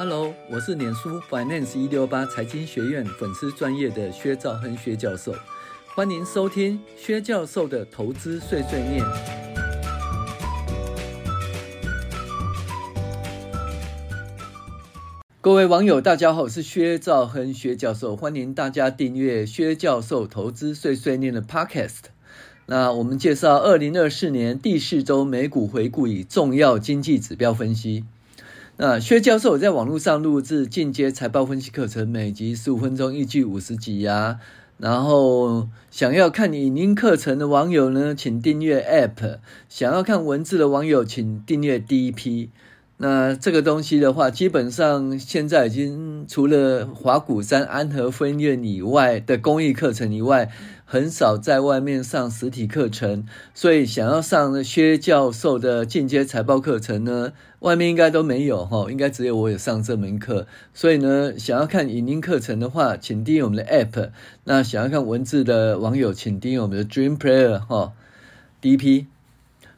Hello，我是臉書 Finance 一六八財經學院粉絲專業的薛兆亨薛教授，歡迎收聽薛教授的投資碎碎念。各位網友，大家好，我是薛兆亨薛教授，歡迎大家訂閱薛教授投資碎碎念的 podcast。那我們介紹二零二四年第四周美股回顧以重要經濟指標分析。那薛教授在網絡上錄製進階財報分析課程，每集十五分鐘，一季五十集呀、啊。然後想要看影音課程的網友呢，請訂閱 APP；想要看文字的網友，請訂閱 DP。那這個東西的話，基本上現在已經除了法鼓山安和分院以外的公益課程以外。很少在外面上實體課程，所以想要上薛教授的進階財報課程呢，外面應該都沒有哈，應該只有我有上這門課。所以呢，想要看影音課程的話，請訂閱我們的 App；那想要看文字的網友，請訂閱我們的 Dream Player 哈，DP。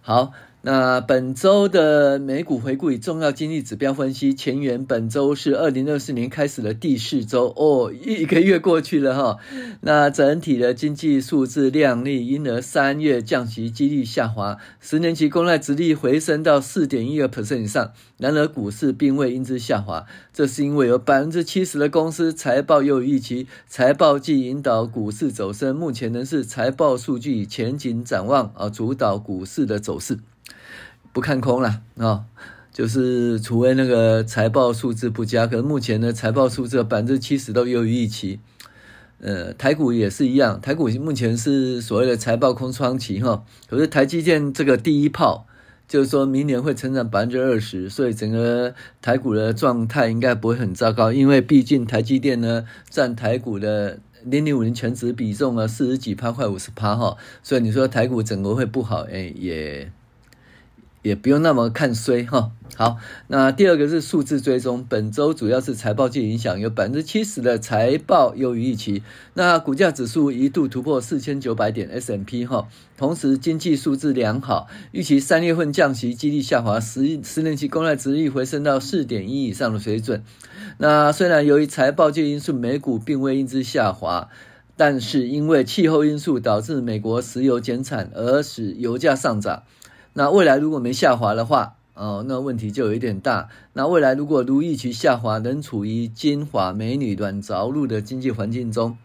好。那本週的美股回顧與重要經濟指標分析。前言，本週是二零二四年開始的第四週哦，一個月過去了哈。那整體的經濟數字亮麗，因而三月降息幾率下滑。十年期公債殖利率回升到四點一二 percent 以上。然而股市並未因之下滑，這是因為有百分之七十的公司財報優於預期，財報季引導股市走升。目前呢是財報數據前景展望啊主導股市的走勢。不看空了啊、哦，就是除非那個財報數字不佳。可是目前的財報數字百分之七十都優於預期。呃，台股也是一樣，台股目前是所謂的財報空窗期哈、哦。可是台積電這個第一炮，就是說明年會成長百分之二十，所以整個台股的狀態應該不會很糟糕。因為畢竟台積電呢占台股的零零五零權值比重啊，四十幾趴快五十趴哈，所以你說台股整個會不好哎也也不用那麼看衰哈。好，那第二個是數字追蹤，本周主要是財報季影響，有百分之七十的財報優於預期。那股價指數一度突破四千九百點 S&P 哈。同時，經濟數字良好，預期三月份降息幾率下滑，十，十年期公債殖利率回升到四點一以上的水準。那雖然由於財報季因素，美股並未因之下滑，但是因為氣候因素導致美國石油減產而使油價上漲。那未來如果沒下滑的話，哦，那問題就有一點大。那未來如果如預期下滑，仍處於金華美女軟着陸的經濟環境中，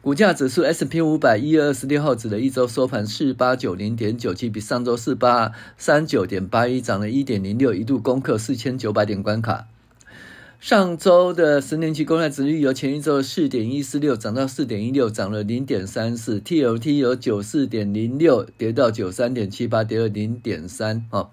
股價指數 S&P 五百一月二十六號指的一周收盤四八九零點九七，比上周四八三九點八一漲了一點零六，一度攻克四千九百點關卡。上周的十年期公債殖利率由前一周的四點一四六漲到四點一六，漲了零點三四。T L T 由九四點零六跌到九三點七八，跌了零點三。哈，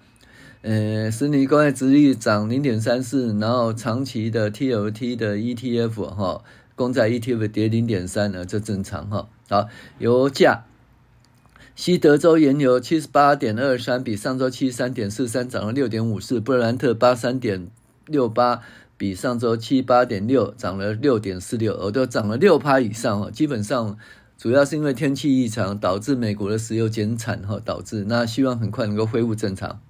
呃，十年公債殖利率漲零點三四，然後長期的 T L T 的 E T F 哈、哦，公債 E T F 跌零點三呢，這正常哈、哦。好，油價，西德州原油七十八點二三，比上周七十三點四三漲了六點五四。布蘭特八三點六八，比上周七八點六漲了六點四六，而都漲了六趴以上。基本上主要是因為天氣異常導致美國的石油減產，哈，導致那希望很快能夠恢復正常。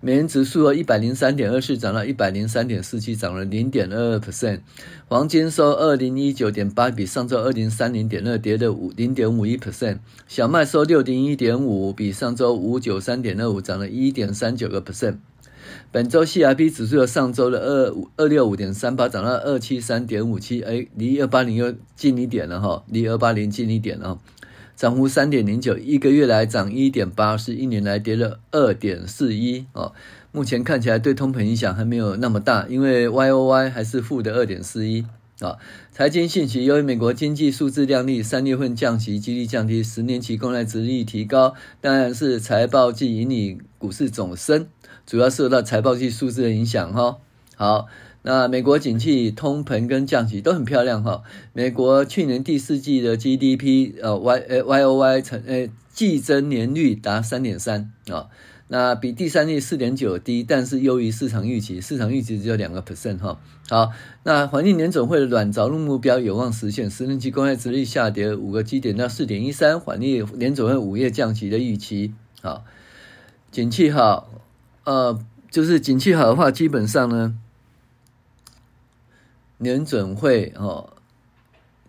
美元指數由一百零三點二四漲到一百零三點四七，漲了零點二二 percent。黃金收二零一九點八，比上周二零三零點二跌了五零點五一 percent。小麥收六零一點五，比上周五九三點二五漲了一點三九個 percent。本周 CIP 指數由上周的二五二六五點三八漲到二七三點五七，哎，離二八零又近一點了哈，離二八零近一點了，漲幅三點零九，一個月來漲一點八，是一年來跌了二點四一哦。目前看起來對通膨影響還沒有那麼大，因為 YOY 還是負的二點四一啊。財經訊息：由於美國經濟數字亮麗，三月份降息幾率降低，十年期公債殖利率提高，當然是財報季引領股市走升。主要受到財報季數字的影響哈。好，那美國景氣通膨跟降息都很漂亮哈。美國去年第四季的 GDP 呃 Y 呃 YOY 成呃季、欸、增年率達三點三啊，那比第三季四點九低，但是優於市場預期，市場預期只有兩個 percent 哈。好，那黃境年總會的軟着陸目標有望實現，十年期公債殖利率下跌五個基點到四點一三，黃境年總會五月降息的預期啊，景氣好。呃，就是景氣好的話，基本上呢，聯準會哦，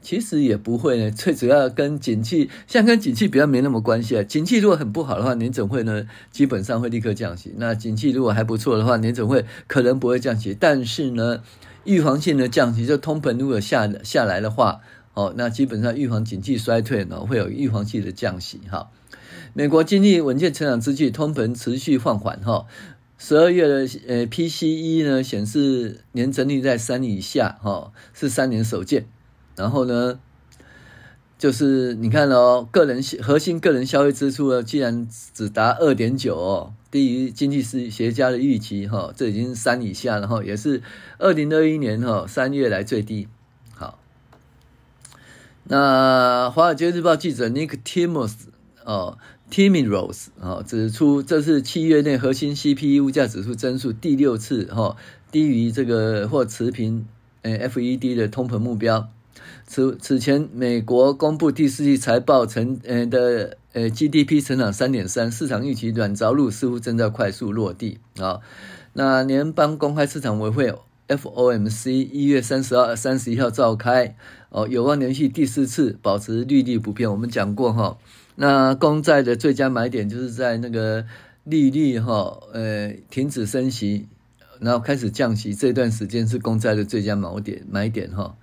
其實也不會呢，最主要跟景氣，像跟景氣比較沒那麼關係啊。景氣如果很不好的話，聯準會呢，基本上會立刻降息。那景氣如果還不錯的話，聯準會可能不會降息，但是呢，預防性的降息，就通膨如果下下來的話，哦，那基本上預防景氣衰退呢，會有預防性的降息哈。哦美國經濟穩健成長之際，通膨持續放緩。哈，十二月的 PCE 呢，顯示年增率在三以下，哈，是三年首見。然後呢，就是你看哦，個人核心個人消費支出呢，竟然只達二點九，低於經濟師學家的預期，哈，這已經是三以下了。哈，也是二零二一年哈三月來最低。好，那華爾街日報記者 Nick Timos 哦。Tim Rose 指出，這是七月內核心 C P I 物價指數增速第六次哈低於這個或持平，F E D 的通膨目標。此此前，美國公布第四季財報的，呃 G D P 成長三點三，市場預期軟着陸似乎正在快速落地啊。那聯邦公開市場委會 F O M C 一月三十二三十一號召開，哦，有望連續第四次保持利率不變。我們講過哈。那公債的最佳買點就是在那個利率哈，呃、欸，停止升息，然後開始降息這段時間是公債的最佳買點買點哈。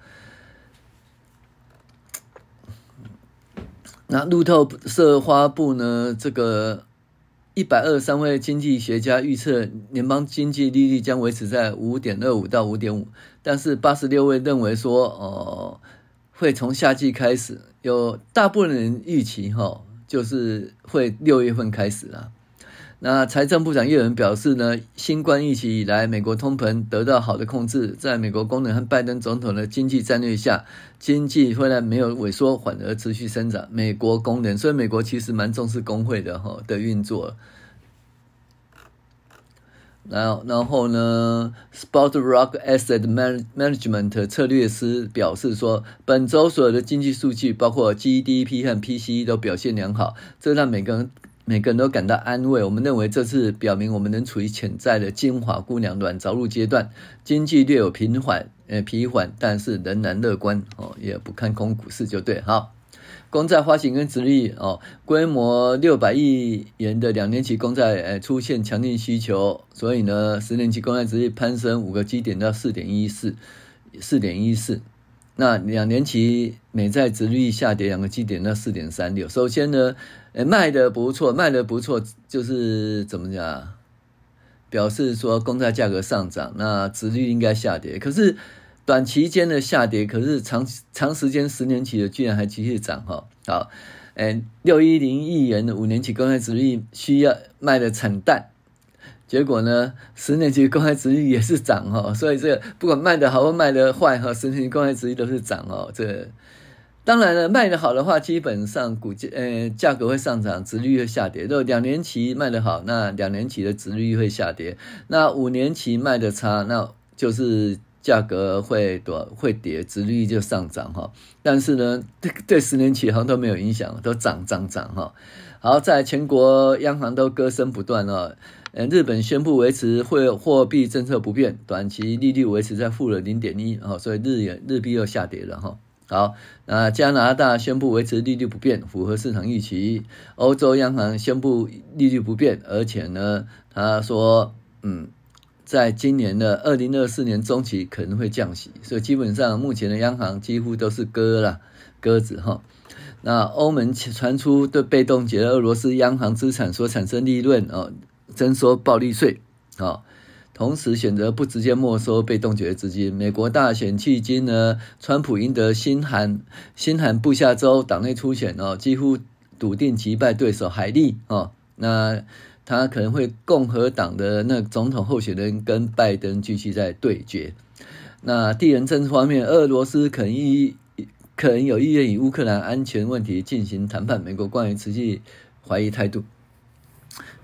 那路透社發佈呢，這個一百二十三位經濟學家預測聯邦經濟利率將維持在五點二五到五點五，但是八十六位認為說哦、呃，會從夏季開始。有大部分人預期，哈，就是會六月份開始。那財政部長耶倫表示呢，新冠疫情以來，美國通膨得到好的控制，在美國工人和拜登總統的經濟戰略下，經濟雖然沒有萎縮，反而持續增長。美國工人，所以美國其實蠻重視工會的，哈，的運作。然後，然後呢，Sport Rock Asset Management 策略師表示說，本周所有的經濟數據，包括 GDP 和 PCE 都表現良好，這讓每個人每個人都感到安慰。我們認為這次表明我們能處於潛在的金髮姑娘軟著陸階段，經濟略有平緩，呃疲緩，但是仍然樂觀哦，也不看空股市就對，好。公債發行跟殖利率哦，規模六百億元的兩年期公債，哎、出現強勁需求，所以呢十年期公債殖利率攀升五個基點到四點一四，四點一四，那兩年期美債殖利率下跌兩個基點到四點三六。首先呢，誒、哎、賣得不錯，賣得不錯，就是怎麼講，表示說公債價格上漲，那殖利率應該下跌，可是。短期間的下跌，可是長長時間十年期的居然還繼續漲哈好，哎、欸，六一零億元的五年期公債殖利率需要賣得慘淡，結果呢十年期公債殖利率也是漲哈，所以這個不管賣得好或賣得壞哈，十年期公債殖利率都是漲哦。這個、當然了，賣得好的話，基本上股呃價、欸、格會上漲，殖利率會下跌。如果兩年期賣得好，那兩年期的殖利率會下跌；那五年期賣得差，那就是。價格會多會跌，殖利率就上漲哈。但是呢，對對十年期好像都沒有影響，都漲漲漲哈。好，在全國央行都歌聲不斷啊。嗯，日本宣布維持貨貨幣政策不變，短期利率維持在負了零點一啊，所以日元日幣又下跌了哈。好，那加拿大宣布維持利率不變，符合市場預期。歐洲央行宣布利率不變，而且呢，他說嗯。在今年的二零二四年中期可能會降息，所以基本上目前的央行幾乎都是鴿了鴿子哈。那歐盟傳出對被凍結的俄羅斯央行資產所產生利潤哦，徵收暴利稅哦，同時選擇不直接沒收被凍結的資金。美國大選迄今呢，川普贏得新罕新罕布夏州黨內初選哦，幾乎篤定擊敗對手海利哦。那他可能會共和黨的那總統候選人跟拜登繼續在對決。那地緣政治方面，俄羅斯肯意可能有意願與烏克蘭安全問題進行談判，美國關於持續懷疑態度。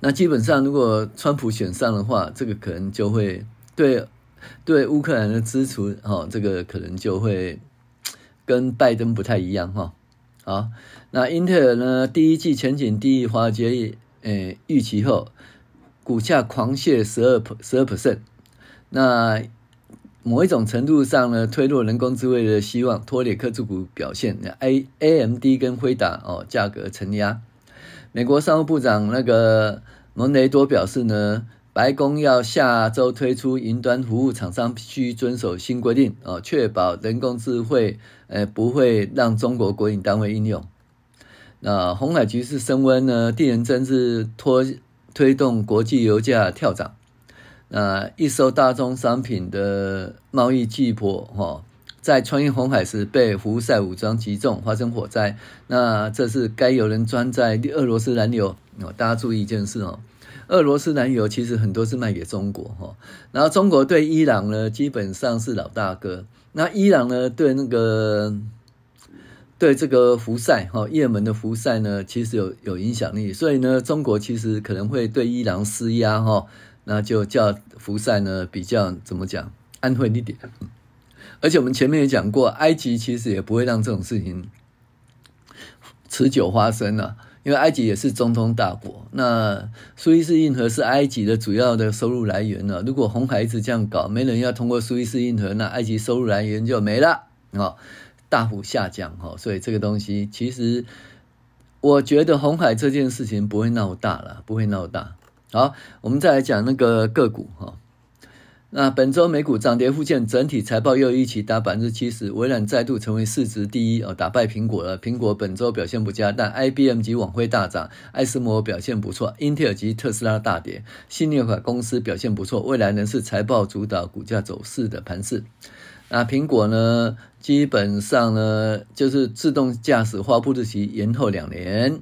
那基本上，如果川普選上的話，這個可能就會對對烏克蘭的支持，哦，這個可能就會跟拜登不太一樣，哈、哦。好，那英特爾呢？第一季前景低於華爾街。呃，預期後，股價狂瀉十二十二 percent，那某一種程度上呢，推落人工智慧的希望，拖累科技股表現。那 A AMD 跟輝達哦，價格承壓。美國商務部長那個蒙雷多表示呢，白宮要下周推出雲端服務廠商必須遵守新規定哦，確保人工智慧呃不會讓中國國營單位應用。那紅海局勢升溫呢？地緣政治拖推動國際油價跳漲。那一艘大宗商品的貿易巨舶哈，在穿越紅海時被胡塞武裝擊中，發生火災。那這是該油輪裝載的俄羅斯燃油。大家注意一件事哦，俄羅斯燃油其實很多是賣給中國哈。然後中國對伊朗呢，基本上是老大哥。那伊朗呢，對那個。對這個胡塞哈，也、哦、門的胡塞呢，其實有有影響力，所以呢，中國其實可能會對伊朗施壓哈、哦，那就叫胡塞呢比較怎麼講，安穩一點。而且我們前面也講過，埃及其實也不會讓這種事情持久發生呢、啊，因為埃及也是中東大國，那蘇伊士運河是埃及的主要的收入來源呢、啊。如果紅海這樣搞，沒人要通過蘇伊士運河，那埃及收入來源就沒了啊。哦大幅下降哈，所以這個東西其實，我覺得紅海這件事情不會鬧大了，不會鬧大。好，我們再來講那個個股哈。那本週美股漲跌互現，整體財報優於預期達百分之七十，微軟再度成為市值第一哦，打敗蘋果了。蘋果本週表現不佳，但 IBM 及網飛大漲，艾斯摩爾表現不錯，英特爾及特斯拉大跌，芯片公司表現不錯，未來仍是財報主導股價走勢的盤勢。那蘋果呢，基本上呢就是自動駕駛發布日期延後兩年，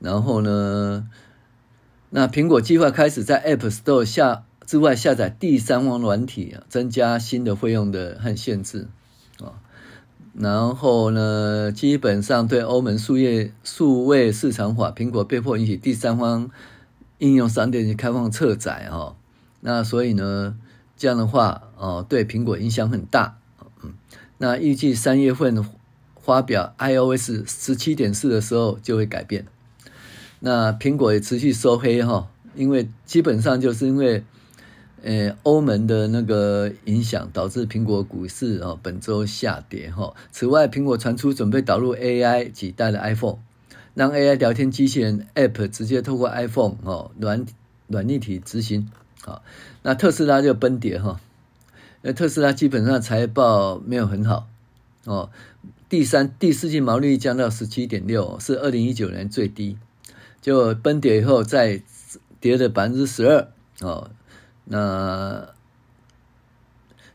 然後呢，那蘋果計劃開始在 App Store 下之外下載第三方軟體、啊、增加新的費用的和限制啊、哦，然後呢，基本上對歐盟數業數位市場法，蘋果被迫允許第三方應用商店去開放側載哦，那所以呢。這樣的話，哦，對蘋果影響很大。嗯，那預計三月份發表 iOS 十七點四的時候就會改變。那蘋果也持續收黑哈，因為基本上就是因為，呃，歐盟的那個影響導致蘋果股市哦本周下跌哈。此外，蘋果傳出準備導入 AI 幾代的 iPhone，讓 AI 聊天機器人 App 直接透過 iPhone 哦軟軟硬體執行。好，那特斯拉就崩跌哈，那特斯拉基本上財報沒有很好哦，第三、第四季毛利降到十七點六，是二零一九年最低，就崩跌以後再跌了百分之十二哦，那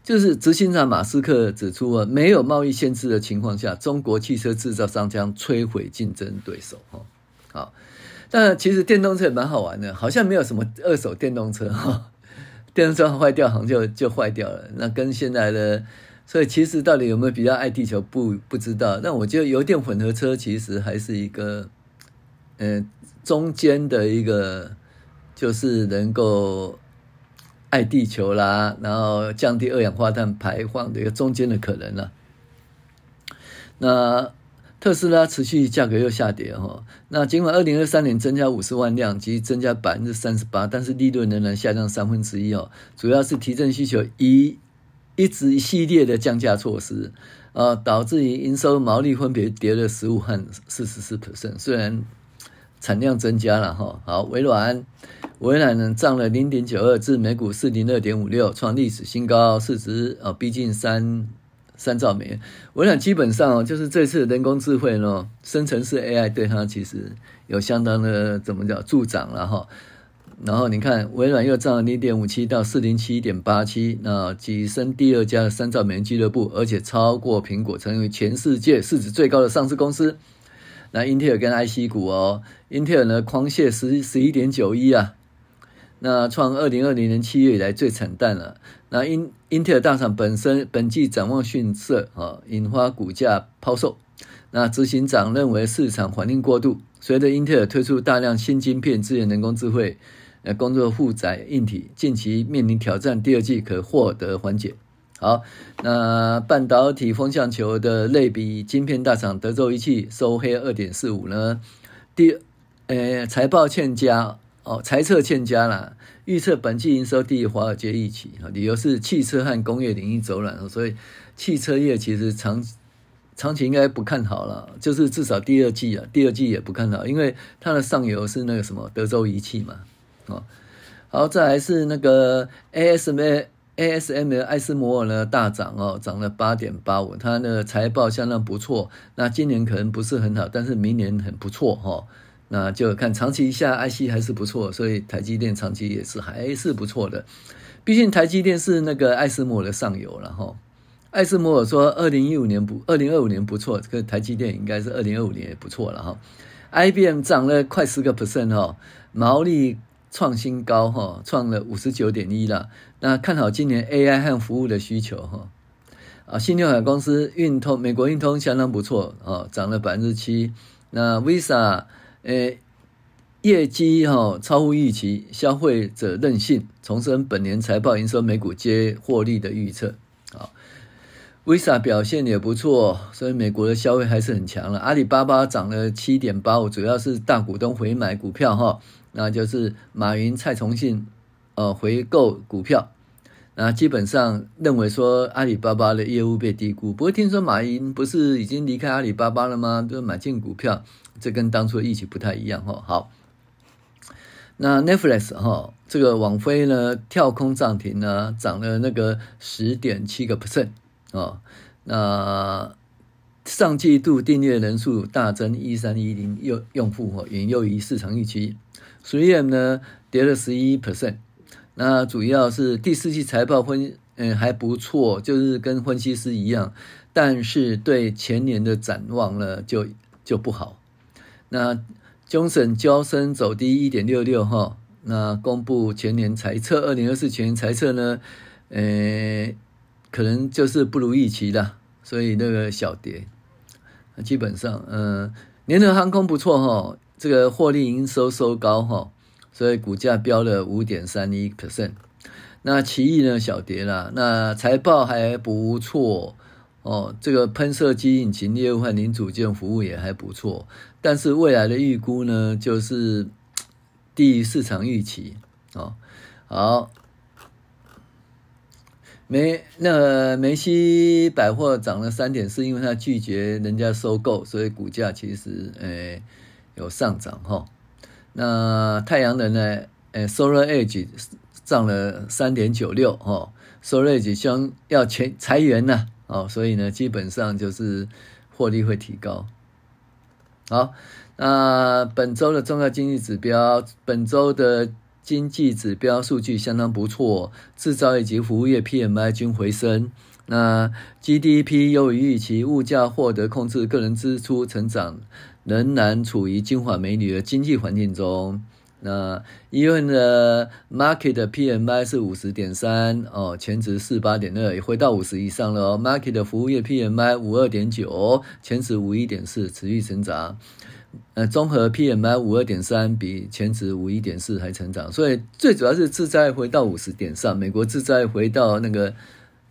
就是執行長馬斯克指出啊，沒有貿易限制的情況下，中國汽車制造商將摧毀競爭對手哈，哦，好。那其實電動車也蠻好玩的，好像沒有什麼二手電動車哈、哦，電動車壞掉好像就就壞掉了。那跟現在的，所以其實到底有沒有比較愛地球，不不知道。那我覺得油電混合車其實還是一個，嗯、呃，中間的一個，就是能夠愛地球啦，然後降低二氧化碳排放的一個中間的可能啦。那。特斯拉持續價格又下跌哈，那儘管二零二三年增加五十萬輛，即增加百分之三十八，但是利潤仍然下降三分之一哦，主要是提振需求以一直一系列的降價措施，啊，導致於營收毛利分別跌了十五和四十四百分，雖然產量增加了哈，好，微軟，微軟呢漲了零點九二，至每股四零二點五六，創歷史新高，市值啊逼近三。三兆美元，微軟基本上、哦、就是這次的人工智慧呢。哦，生成式 AI 對它其實有相當的怎麼叫助長了哈。然後你看微軟又漲了零點五七到四零七點八七，那躋身第二家的三兆美元俱樂部，而且超過蘋果，成為全世界市值最高的上市公司。那英特爾跟 IC 股哦，英特爾呢狂瀉十十一點九一啊。那創二零二零年七月以來最慘淡了。那英英特爾大廠本身本季展望遜色啊，引發股價拋售。那執行長認為市場環境過度，隨着英特爾推出大量新晶片支援人工智慧，呃，工作負載硬體近期面臨挑戰，第二季可獲得緩解。好，那半導體風向球的類比晶片大廠德州儀器收黑二點四五呢？第呃欸，財報欠佳。哦，財測欠佳啦。預測本季營收低於華爾街預期。哈、哦，理由是汽車和工業領域走軟，哦。所以，汽車業其實長長期應該不看好了。就是至少第二季啊，第二季也不看好，因為它的上游是那個什麼德州儀器嘛。哦，好，再來是那個 ASML，ASML 愛斯摩爾呢大漲哦，漲了八點八五。它的財報相當不錯。那今年可能不是很好，但是明年很不錯哦。那就看長期一下，IC 還是不錯，所以台積電長期也是還是不錯的，畢竟台積電是那個愛斯摩的上游然後。愛思摩說二零一五年不，二零二五年不錯，這個台積電應該是二零二五年也不錯了哈。IBM 漲了快十個 percent 哦，毛利創新高哈，創了五十九點一了。那看好今年 AI 和服務的需求哈。啊，信用卡公司運通，美國運通相當不錯哦，漲了百分之七。那 Visa 呃、欸，業績、哦、超乎預期，消費者韌性，重申本年財報營收每股皆獲利的預測。好，Visa 表現也不錯，所以美國的消費還是很強了。阿里巴巴漲了七點八五，主要是大股東回買股票哈，那就是馬雲、蔡崇信呃回購股票。那基本上認為說阿里巴巴的業務被低估，不過聽說馬雲不是已經離開阿里巴巴了嗎？就買進股票，這跟當初的預期不太一樣哈。好，那 Netflix 哈，這個網飛呢跳空漲停呢，漲了那個十點七個 percent 啊。那上季度訂閱人數大增一三一零用引用戶哦，遠優於市場預期。3M 呢跌了十一 percent。那主要是第四季財報分嗯還不錯，就是跟分析師一樣，但是對前年的展望呢就就不好。那 Johnson 嬌生走低一點六六哈，那公布全年財測，二零二四全年財測呢，呃、欸，可能就是不如預期啦，所以那個小跌基本上嗯、呃，聯合航空不錯哈，這個獲利營收收高哈。所以股價飆了五點三一 percent 那奇異呢小跌啦，那財報還不錯哦，這個噴射機引擎業務和零組件服務也還不錯，但是未來的預估呢就是低於市場預期哦。好，梅那個、梅西百貨漲了三點，是因為他拒絕人家收購，所以股價其實誒、欸、有上漲哈。哦那太陽能呢？誒、欸、Solar Edge 漲了三點九六哦，Solar Edge 將要裁裁員呢、啊、哦，所以呢，基本上就是獲利會提高。好，那本周的重要經濟指標，本周的經濟指標數據相當不錯，制造業及服務業 PMI 均回升，那 GDP 由於預期，物價獲得控制，個人支出成長。仍然處於金髮美女的經濟環境中，那因為呢，market 的 PMI 是五十點三哦，前值四八點二，也回到五十以上了哦。market 的服務業 PMI 五二點九，前值五一點四，持續成長。呃，綜合 PMI 五二點三，比前值五一點四還成長。所以最主要是，自在回到五十點上，美國自在回到那個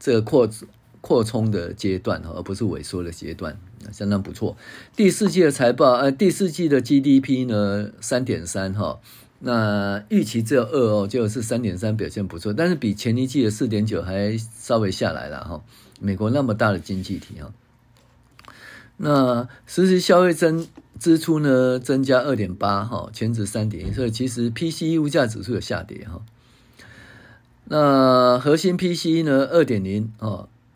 這個擴擴充的階段哦，而不是萎縮的階段。相當不錯，第四季的財報，呃，第四季的 GDP 呢，三點三哈，那預期只有二哦，就是三點三，表現不錯，但是比前一季的四點九還稍微下來了哈、哦。美國那麼大的經濟體哈、哦，那實際消費增支出呢增加二點八哈，前值三點一，所以其實 P C E 物價指數有下跌哈、哦，那核心 P C E 呢二點零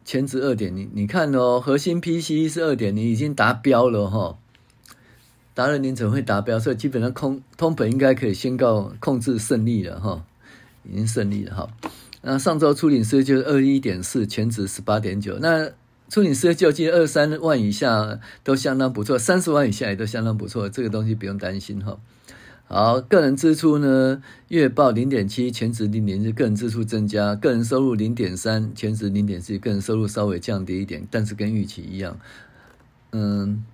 前值二點零，你你看哦，核心 PCE 是二點零，你已經達標了哈、哦，達了你怎會達標？所以基本上空通膨應該可以宣告控制勝利了哈、哦，已經勝利了哈。那上周初領失業就是二一點四，前值十八點九，那初領失業就記得，二三萬以下都相當不錯，三十萬以下也都相當不錯，這個東西不用擔心哈、哦。好，個人支出呢，月報零點七，前值零點六，個人支出增加；個人收入零點三，前值零點四，個人收入稍微降低一點，但是跟預期一樣。嗯，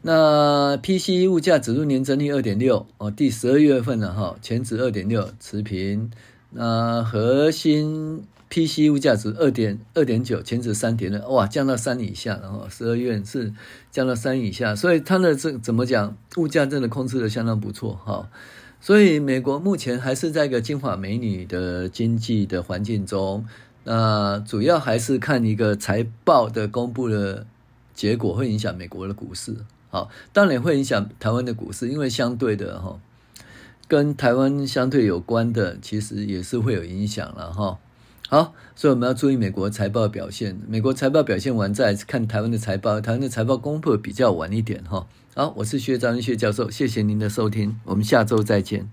那 PCE 物價指數年增率二點六哦，第十二月份了哈，前值二點六持平。那核心。P/C 物價值二點二點九，前值三點哇，降到三以下了。哈，十二月是降到三以下，所以它的這怎麼講，物價真的控制的相當不錯哈、哦。所以美國目前還是在一個金髮美女的經濟的環境中，那主要還是看一個財報的公布的結果，會影響美國的股市，好、哦，當然也會影響台灣的股市，因為相對的哈、哦，跟台灣相對有關的其實也是會有影響了哈。哦好，所以我們要注意美國財報的表現。美國財報表現完再看台灣的財報。台灣的財報公布比較晚一點哈。好，我是薛兆亨薛教授，謝謝您的收聽，我們下周再見。